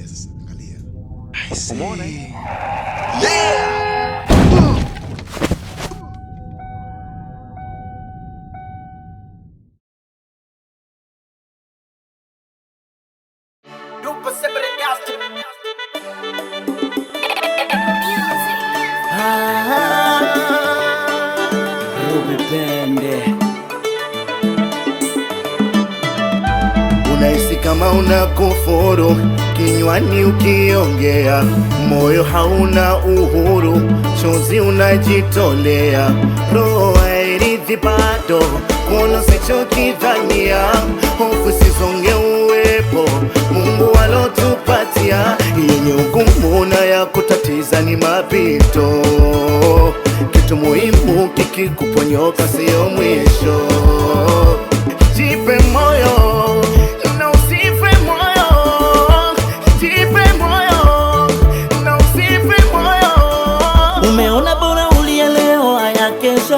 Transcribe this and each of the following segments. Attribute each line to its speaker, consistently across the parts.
Speaker 1: Beleza, Galinha. I see. Tá Come on, né? Yeah! Ah, Ruby Band. kama una kufuru kinywani, ukiongea moyo hauna uhuru, chozi unajitolea, roho hairithi bado kuona sichokidhania, hofu sizonge uwepo Mungu walotupatia, yenye ugumu na ya kutatiza ni mapito, kitu muhimu kikikuponyoka siyo mwisho.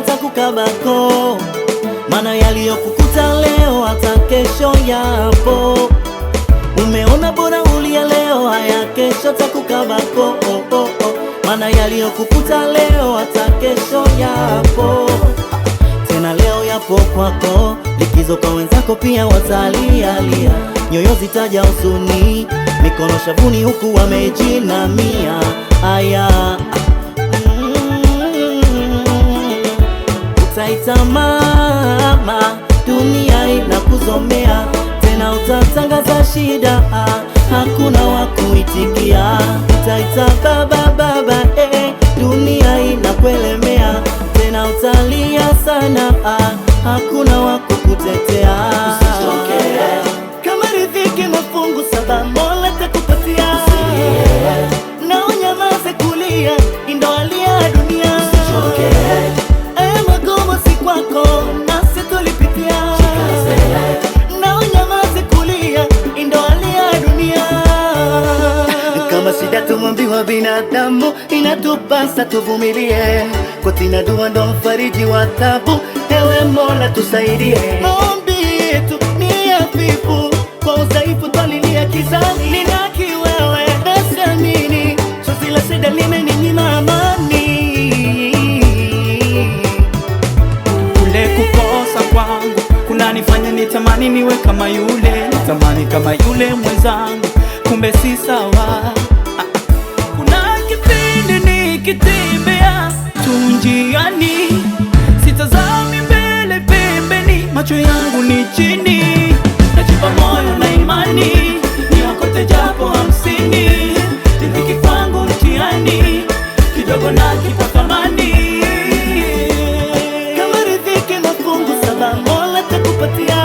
Speaker 2: takukabako, maana yaliyokukuta leo hata kesho yapo. Umeona bora ulia leo, haya kesho takukabako, oh, oh, oh. maana yaliyokukuta leo hata kesho yapo, tena leo yapo kwako, likizo kwa wenzako pia watalialia, nyoyo zitaja usuni, mikono shavuni, huku wamejinamia. Aya. tamaa, dunia inakuzomea tena, utatangaza shida, hakuna wa kuitikia. Utaita baba baba, eh, dunia inakuelemea tena, utalia sana, hakuna wa
Speaker 3: binadamu, inatupasa tuvumilie, kwa tina dua ndo mfariji wa tabu Ewe Mola tusaidie,
Speaker 4: maombi yetu ni hafifu, kwa udhaifu twalilia kizazi. Ninaki wewe nasiamini, chozi la shida limeninyima amani,
Speaker 5: kule kukosa kwangu kunanifanya nitamani niwe kama yule, nitamani kama yule mwenzangu, kumbe si sawa
Speaker 6: nikitembea tu njiani, sitazami mbele pembeni, macho yangu ni chini, najipa moyo na imani, niokote japo hamsini, riziki kwangu mtihani, kidogo na thamani,
Speaker 7: kama riziki na fungu sala Mola takupatia